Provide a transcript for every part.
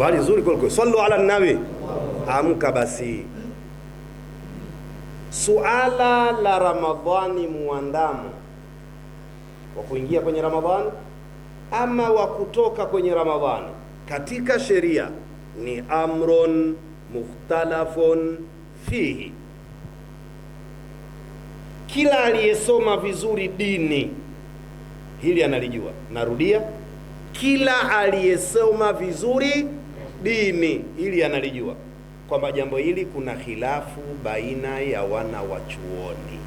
Swali zuri kweli. Sallu ala nabi. Amka basi. Suala la Ramadhani muandamo wa kuingia kwenye Ramadhani ama wa kutoka kwenye Ramadhani katika sheria ni amron mukhtalafun fihi. Kila aliyesoma vizuri dini hili analijua. Narudia, kila aliyesoma vizuri dini ili analijua kwamba jambo hili kuna khilafu baina ya wana wa chuoni,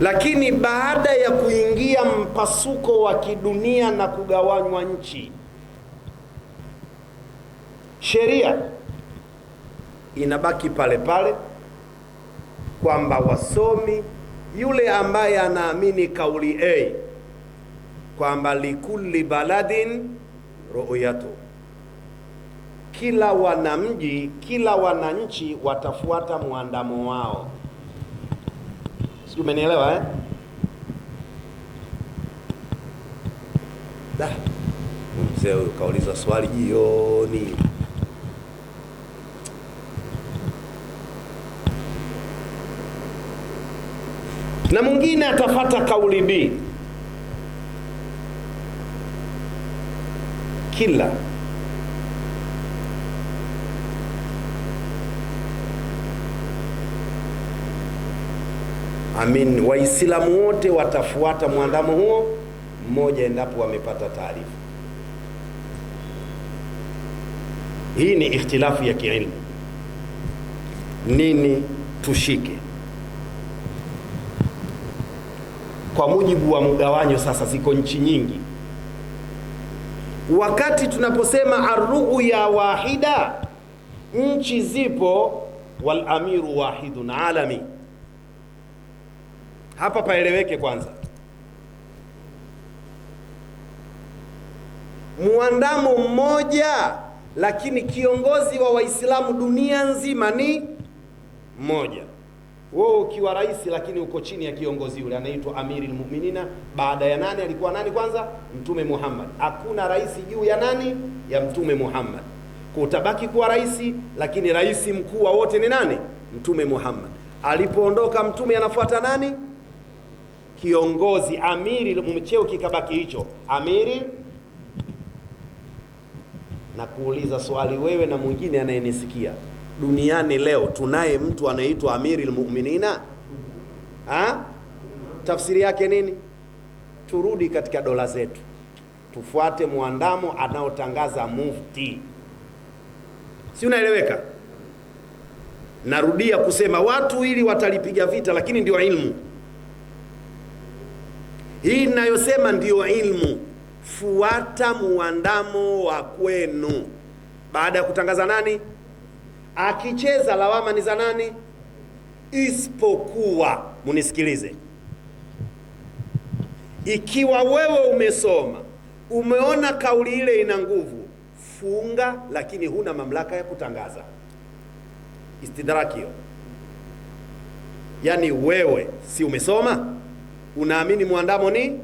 lakini baada ya kuingia mpasuko wa kidunia na kugawanywa nchi, sheria inabaki pale pale kwamba wasomi, yule ambaye anaamini kauli A hey, kwamba likulli baladin ruyatu, kila wanamji, kila wananchi watafuata mwandamo wao. Sijui umenielewa eh? Da, mzee huyu kauliza swali jioni. Na mwingine atafata kauli mbili kila Amin. Waislamu wote watafuata mwandamo huo mmoja endapo wamepata taarifa. Hii ni ikhtilafu ya kiilmu, nini tushike kwa mujibu wa mgawanyo. Sasa ziko nchi nyingi Wakati tunaposema arruya wahida, nchi zipo, wal amiru wahidun alami. Hapa paeleweke kwanza. Muandamo mmoja, lakini kiongozi wa Waislamu dunia nzima ni mmoja wewe ukiwa rais lakini uko chini ya kiongozi yule anaitwa Amirul Mu'minina. Baada ya nani alikuwa nani? Kwanza Mtume Muhammad. Hakuna rais juu ya nani? Ya Mtume Muhammad. Kwa utabaki kuwa rais, lakini rais mkuu wa wote ni nani? Mtume Muhammad. Alipoondoka mtume anafuata nani? Kiongozi amiri, mcheo kikabaki hicho amiri. Na kuuliza swali wewe na mwingine anayenisikia duniani leo tunaye mtu anaitwa Amirul Muminina ha? Tafsiri yake nini? Turudi katika dola zetu, tufuate mwandamo anaotangaza mufti, si unaeleweka? Narudia kusema watu ili watalipiga vita, lakini ndio ilmu hii ninayosema ndio ilmu. Fuata muandamo wa kwenu, baada ya kutangaza nani? Akicheza lawama ni za nani? Isipokuwa, munisikilize, ikiwa wewe umesoma, umeona kauli ile ina nguvu, funga, lakini huna mamlaka ya kutangaza istidrakio. Yaani wewe si umesoma, unaamini mwandamo ni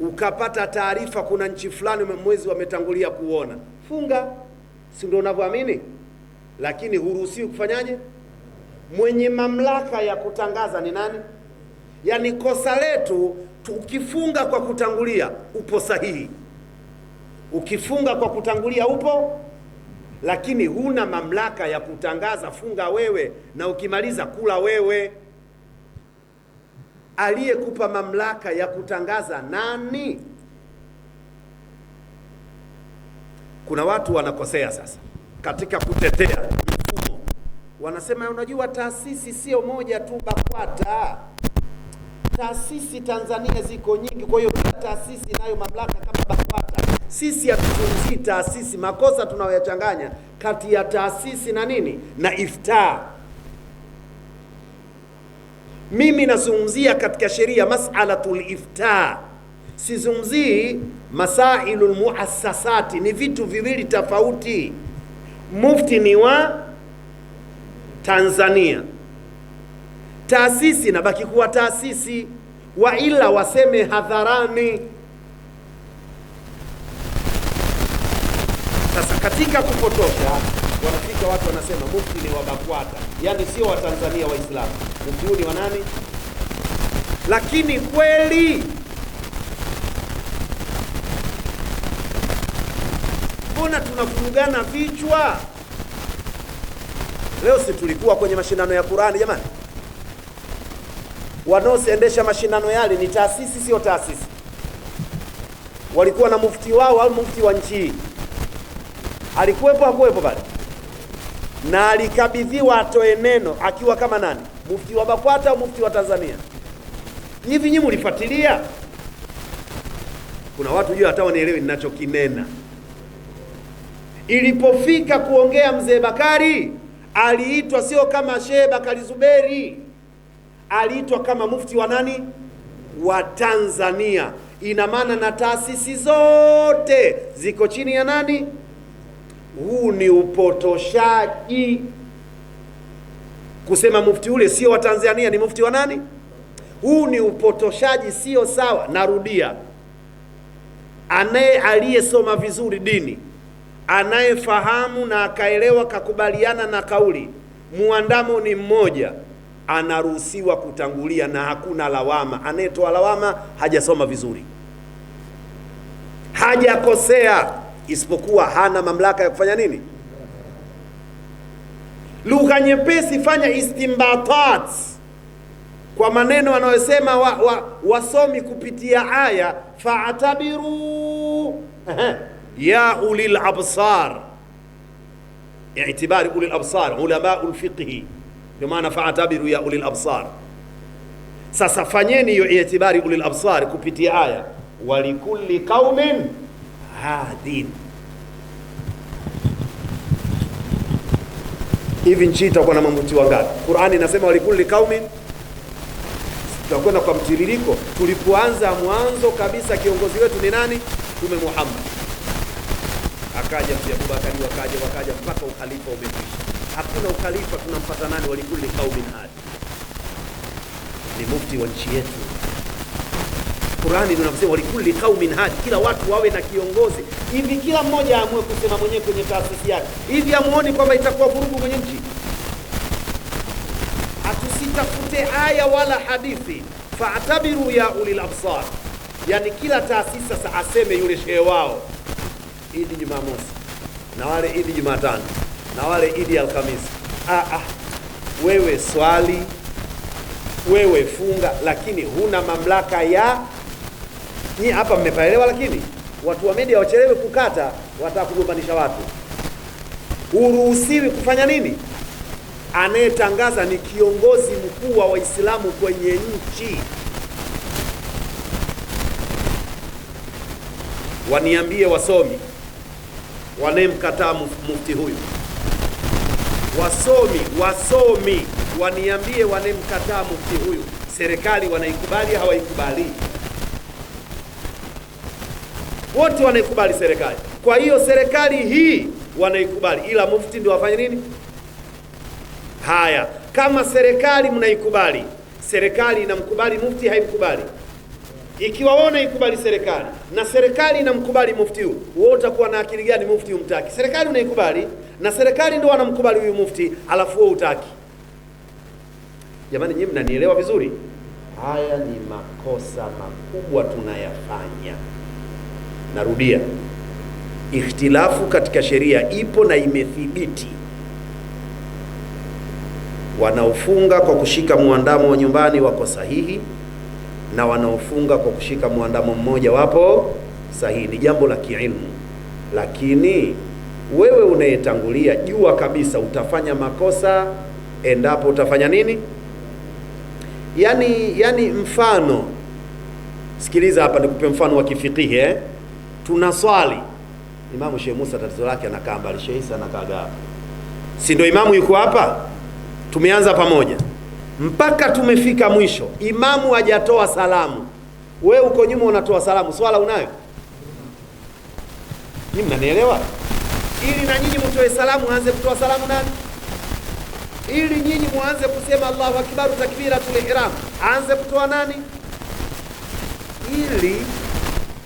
ukapata taarifa kuna nchi fulani mwezi wametangulia kuona, funga, si ndio unavyoamini? lakini huruhusiwi kufanyaje? Mwenye mamlaka ya kutangaza ni nani? Yaani kosa letu, ukifunga kwa kutangulia upo sahihi, ukifunga kwa kutangulia upo lakini huna mamlaka ya kutangaza. Funga wewe, na ukimaliza kula wewe. Aliyekupa mamlaka ya kutangaza nani? Kuna watu wanakosea sasa katika kutetea mifumo. Wanasema unajua, taasisi sio moja tu BAKWATA, taasisi Tanzania ziko nyingi, kwa hiyo kila taasisi inayo mamlaka kama BAKWATA. Sisi hatuzungumzii taasisi, makosa tunayoyachanganya kati ya taasisi na nini na ifta Mimi nazungumzia katika sheria masalatul iftaa, sizungumzii masailul muassasati, ni vitu viwili tofauti. Mufti ni wa Tanzania. Taasisi inabaki kuwa taasisi, wa ila waseme hadharani. Sasa katika kupotosha wanafika watu wanasema mufti ni wa BAKWATA, yaani sio Watanzania Waislamu. Mufti huu ni wa nani? Lakini kweli mbona tunafungana vichwa? Leo si tulikuwa kwenye mashindano ya Qur'ani jamani? Wanaoendesha mashindano yale ni taasisi, sio taasisi. Walikuwa na mufti wao au mufti wa nchi hii, alikuwepo hakuwepo pale, na alikabidhiwa atoe neno akiwa kama nani, mufti wa BAKWATA au mufti wa Tanzania. Hivi nyinyi mlifuatilia? Kuna watu juu hata wanielewi ninachokinena. Ilipofika kuongea mzee Bakari aliitwa sio kama Shehe Bakari Zuberi, aliitwa kama mufti wa nani wa Tanzania. Ina maana na taasisi zote ziko chini ya nani? Huu ni upotoshaji. Kusema mufti ule sio wa Tanzania, ni mufti wa nani? Huu ni upotoshaji, sio sawa. Narudia, anaye aliyesoma vizuri dini anayefahamu na akaelewa kakubaliana na kauli muandamo ni mmoja, anaruhusiwa kutangulia na hakuna lawama. Anayetoa lawama hajasoma vizuri, hajakosea, isipokuwa hana mamlaka ya kufanya nini. Lugha nyepesi, fanya istimbatat kwa maneno anayosema wa, wa, wasomi kupitia aya faatabiru ya ulil absar itibari ulil absar ulama ulfiqhi, ndio maana faatabiru ya ulil absar. Sasa fanyeni hiyo itibari ulil absar kupitia aya walikulli qaumin hadin. Hivi nchi itakuwa na mamuti wangapi? Qur'ani inasema walikulli qaumin tutakwenda kwa mtiririko. Tulipoanza mwanzo kabisa, kiongozi wetu ni nani? Mtume Muhammad akaja pia Abubakari, wakaja wakaja mpaka ukhalifa umekwisha. Hakuna ukhalifa tunampata nani? Walikulli qaumin hadi ni mufti wa nchi yetu. Qurani tunasema walikuli qaumin hadi, kila watu wawe na kiongozi hivi, kila mmoja aamue kusema mwenyewe kwenye taasisi yake. Hivi amuoni kwamba itakuwa vurugu kwenye nchi? Hatusitafute aya wala hadithi, fa'tabiru ya ulil absar, yani kila taasisi sasa aseme yule shehe wao idi Jumamosi na wale idi Jumatano na wale idi Alhamisi. Ah, ah, wewe swali, wewe funga, lakini huna mamlaka ya ni hapa. Mmepaelewa? Lakini watu wa media wachelewe kukata, wataka kugombanisha watu. Huruhusiwi kufanya nini? Anayetangaza ni kiongozi mkuu wa Waislamu kwenye nchi. Waniambie wasomi wanayemkataa mufti huyu, wasomi wasomi waniambie, wanayemkataa mufti huyu serikali wanaikubali hawaikubali? Wote wanaikubali serikali. Kwa hiyo serikali hii wanaikubali, ila mufti ndio wafanye nini? Haya, kama serikali mnaikubali, serikali inamkubali mufti, haimkubali ikiwa wewe unaikubali serikali na serikali inamkubali mufti huyu, wewe utakuwa na akili gani? Mufti umtaki, serikali unaikubali na serikali ndio anamkubali huyu mufti, alafu wewe utaki? Jamani, nyinyi mnanielewa vizuri? Haya ni makosa makubwa tunayafanya. Narudia, ikhtilafu katika sheria ipo na imethibiti. Wanaofunga kwa kushika muandamo wa nyumbani wako sahihi na wanaofunga kwa kushika mwandamo mmoja wapo sahihi. Ni jambo la kiilmu, lakini wewe unayetangulia, jua kabisa utafanya makosa endapo utafanya nini? Yani, yani mfano, sikiliza hapa, nikupe mfano wa kifikihi eh? Tuna swali Imamu Sheikh Musa, tatizo lake anakaa mbali, Sheikh Isa anakaa gapi? si ndio? Imamu yuko hapa, tumeanza pamoja mpaka tumefika mwisho, imamu hajatoa salamu, we uko nyuma unatoa salamu, swala unayo? Ni mnanielewa? Ili na nyinyi mtoe salamu, aanze kutoa salamu nani? Ili nyinyi mwanze kusema Allahu akbar, takbiratul ihram, aanze kutoa nani? Ili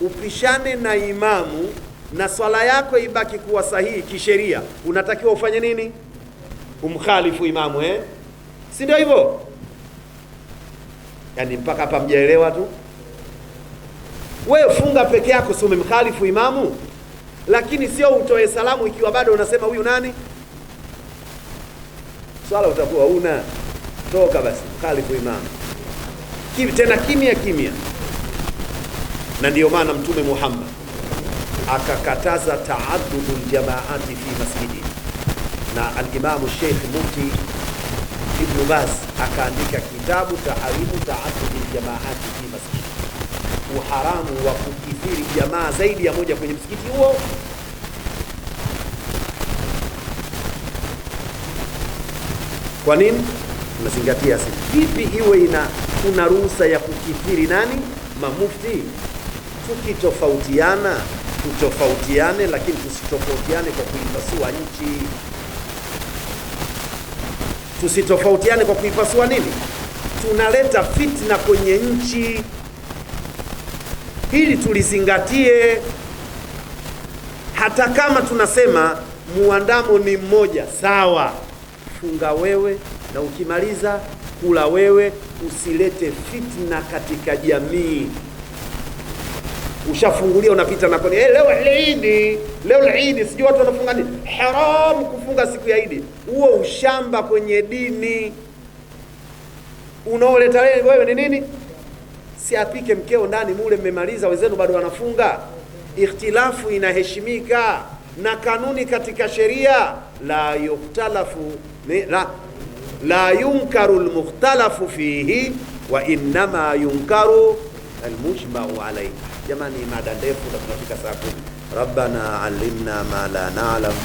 upishane na imamu na swala yako ibaki kuwa sahihi kisheria, unatakiwa ufanye nini? Umkhalifu imamu eh? si ndio hivyo? Yaani mpaka hapa mjaelewa tu. Wewe funga peke yako, si umemkhalifu imamu, lakini sio utoe salamu ikiwa bado unasema huyu nani. Swala utakuwa una toka basi, mkhalifu imamu Kimi, tena kimya kimya. Na ndiyo maana Mtume Muhammad akakataza taaddudu ljamaati fi masjidi, na alimamu Sheikh Muti Ibnu Baz akaandika kitabu taalimu taadudi ljamaati fi masjidi, uharamu wa kukithiri jamaa zaidi ya moja kwenye msikiti huo. Kwa nini unazingatia sisi? Vipi iwe ina kuna ruhusa ya kukithiri nani? Mamufti. Tukitofautiana tutofautiane, lakini tusitofautiane kwa kuipasua nchi. Tusitofautiane kwa kuipasua nini? Tunaleta fitna kwenye nchi. ili tulizingatie, hata kama tunasema muandamo ni mmoja sawa, funga wewe na ukimaliza kula wewe, usilete fitna katika jamii ushafungulia unapita na kodi. Hey, eh, leo Idi, leo Idi, sijui watu wanafunga nini. Haram kufunga siku ya Idi, huo ushamba kwenye dini unaoleta wewe ni nini? Si apike mkeo ndani mule, mmemaliza, wenzenu bado wanafunga. Ikhtilafu inaheshimika na kanuni katika sheria, la yuktalafu la, la yunkaru lmukhtalafu fihi wa innama yunkaru almujmau alaihi jamani, mada ndefu na tunafika saa kumi. Rabbana allimna ma la na'lam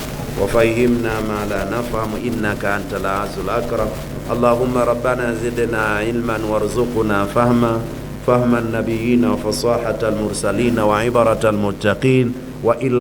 wa fahimna ma la nafhamu innaka antal azizul akram allahumma rabbana zidna ilman warzuqna fahma فهم النبيين وفصاحة المرسلين وعبرة المتقين وإلى